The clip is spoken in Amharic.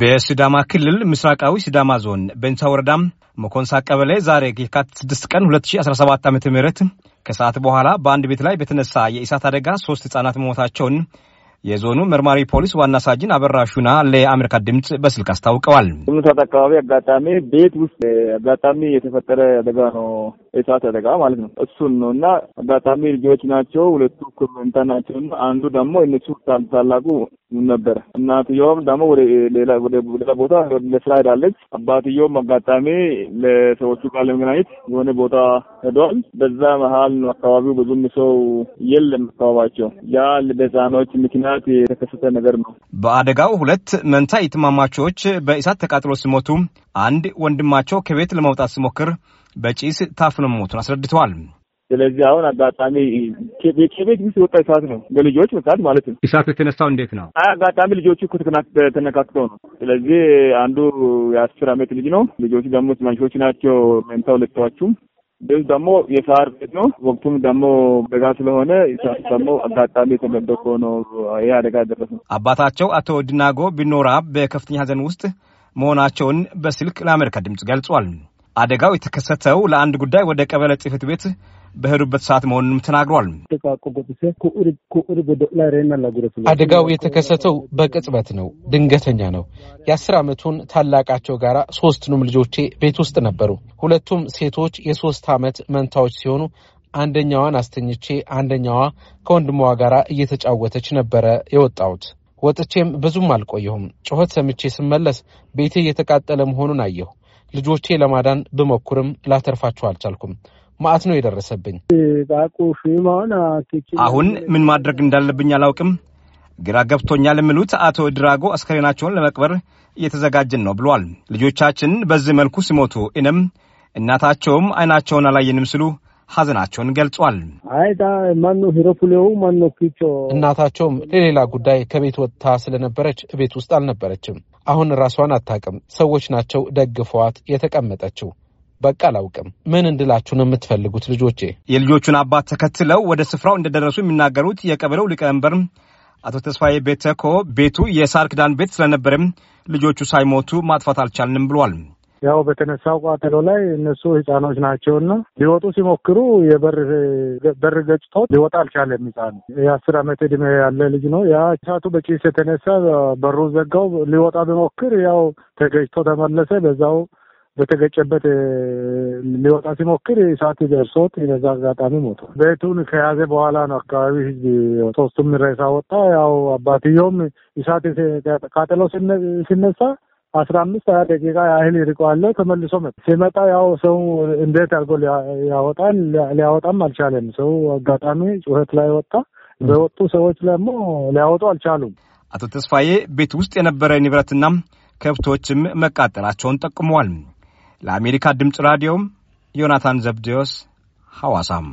በሲዳማ ክልል ምስራቃዊ ሲዳማ ዞን በንሳ ወረዳ መኮንሳ ቀበሌ ዛሬ የካቲት 6 ቀን 2017 ዓ ም ከሰዓት በኋላ በአንድ ቤት ላይ በተነሳ የእሳት አደጋ ሶስት ህጻናት መሞታቸውን የዞኑ መርማሪ ፖሊስ ዋና ሳጅን አበራሹና ለአሜሪካ ድምፅ በስልክ አስታውቀዋል። ምሳት አካባቢ አጋጣሚ ቤት ውስጥ አጋጣሚ የተፈጠረ አደጋ ነው፣ የእሳት አደጋ ማለት ነው። እሱን ነው እና አጋጣሚ ልጆች ናቸው፣ ሁለቱ ኩምንታ ናቸው አንዱ ደግሞ እነሱ ታላቁ ነበር። እናትየውም ደግሞ ሌላ ወደ ቦታ ለስራ ሄዳለች። አባትየውም አጋጣሚ ለሰዎቹ ቃል ለመገናኘት የሆነ ቦታ ሄዷል። በዛ መሀል አካባቢው ብዙም ሰው የለም። አካባቢያቸው ያ በህፃኖች ምክንያት የተከሰተ ነገር ነው። በአደጋው ሁለት መንታ እህትማማቾች በእሳት ተቃጥሎ ሲሞቱ አንድ ወንድማቸው ከቤት ለመውጣት ሲሞክር በጭስ ታፍኖ መሞቱን አስረድተዋል። ስለዚህ አሁን አጋጣሚ ከቤት ውስጥ የወጣ እሳት ነው፣ በልጆች ምክንያት ማለት ነው። እሳቱ የተነሳው እንዴት ነው? አይ አጋጣሚ ልጆቹ እኮ ተነካክተው ነው። ስለዚህ አንዱ የአስር አመት ልጅ ነው። ልጆቹ ደግሞ ትናንሾች ናቸው። መንታው ሁለታችሁም ደስ ደግሞ የሳር ቤት ነው። ወቅቱም ደግሞ በጋ ስለሆነ እሳቱ ደግሞ አጋጣሚ የተመደኮ ነው። ይህ አደጋ ደረሰ። አባታቸው አቶ ድናጎ ቢኖራ በከፍተኛ ሀዘን ውስጥ መሆናቸውን በስልክ ለአሜሪካ ድምጽ ገልጿል። አደጋው የተከሰተው ለአንድ ጉዳይ ወደ ቀበሌ ጽህፈት ቤት በሄዱበት ሰዓት መሆኑንም ተናግሯል። አደጋው የተከሰተው በቅጽበት ነው፣ ድንገተኛ ነው። የአስር ዓመቱን ታላቃቸው ጋር ሶስቱንም ልጆቼ ቤት ውስጥ ነበሩ። ሁለቱም ሴቶች የሶስት ዓመት መንታዎች ሲሆኑ አንደኛዋን አስተኝቼ አንደኛዋ ከወንድሟ ጋር እየተጫወተች ነበረ የወጣሁት። ወጥቼም ብዙም አልቆየሁም። ጩኸት ሰምቼ ስመለስ ቤቴ እየተቃጠለ መሆኑን አየሁ። ልጆቼ ለማዳን ብሞክርም ላተርፋቸው አልቻልኩም። ማዕት ነው የደረሰብኝ። አሁን ምን ማድረግ እንዳለብኝ አላውቅም፣ ግራ ገብቶኛል የሚሉት አቶ ድራጎ አስከሬናቸውን ለመቅበር እየተዘጋጀን ነው ብሏል። ልጆቻችን በዚህ መልኩ ሲሞቱ እንም እናታቸውም አይናቸውን አላየንም ስሉ ሐዘናቸውን ገልጿል። እናታቸውም ለሌላ ጉዳይ ከቤት ወጥታ ስለነበረች ቤት ውስጥ አልነበረችም። አሁን ራሷን አታውቅም። ሰዎች ናቸው ደግፈዋት የተቀመጠችው። በቃ አላውቅም። ምን እንድላችሁ ነው የምትፈልጉት? ልጆቼ የልጆቹን አባት ተከትለው ወደ ስፍራው እንደደረሱ የሚናገሩት የቀበሌው ሊቀመንበር አቶ ተስፋዬ ቤተኮ ቤቱ የሳር ክዳን ቤት ስለነበረም ልጆቹ ሳይሞቱ ማጥፋት አልቻልንም ብሏል። ያው በተነሳው ቋጠሎ ላይ እነሱ ህፃኖች ናቸውና ሊወጡ ሲሞክሩ የበር ገጭቶ ሊወጣ አልቻለም። ህፃኑ የአስር ዓመት ዕድሜ ያለ ልጅ ነው። ያ እሳቱ በጭስ የተነሳ በሩ ዘጋው። ሊወጣ ቢሞክር ያው ተገጭቶ ተመለሰ በዛው በተገጨበት ሊወጣ ሲሞክር እሳት ደርሶት በዛ አጋጣሚ ሞቷል። ቤቱን ከያዘ በኋላ ነው አካባቢ ህዝብ ሶስቱም ሬሳ ወጣ። ያው አባትየውም እሳት ቃጠሎ ሲነሳ አስራ አምስት ሀያ ደቂቃ ያህል ይርቀዋለ ተመልሶ መ ሲመጣ ያው ሰው እንዴት አድርጎ ያወጣል ሊያወጣም አልቻለም። ሰው አጋጣሚ ጩኸት ላይ ወጣ። በወጡ ሰዎች ደግሞ ሊያወጡ አልቻሉም። አቶ ተስፋዬ ቤት ውስጥ የነበረ ንብረትና ከብቶችም መቃጠላቸውን ጠቁመዋል። ለአሜሪካ ድምፅ ራዲዮም ዮናታን ዘብዴዎስ ሐዋሳም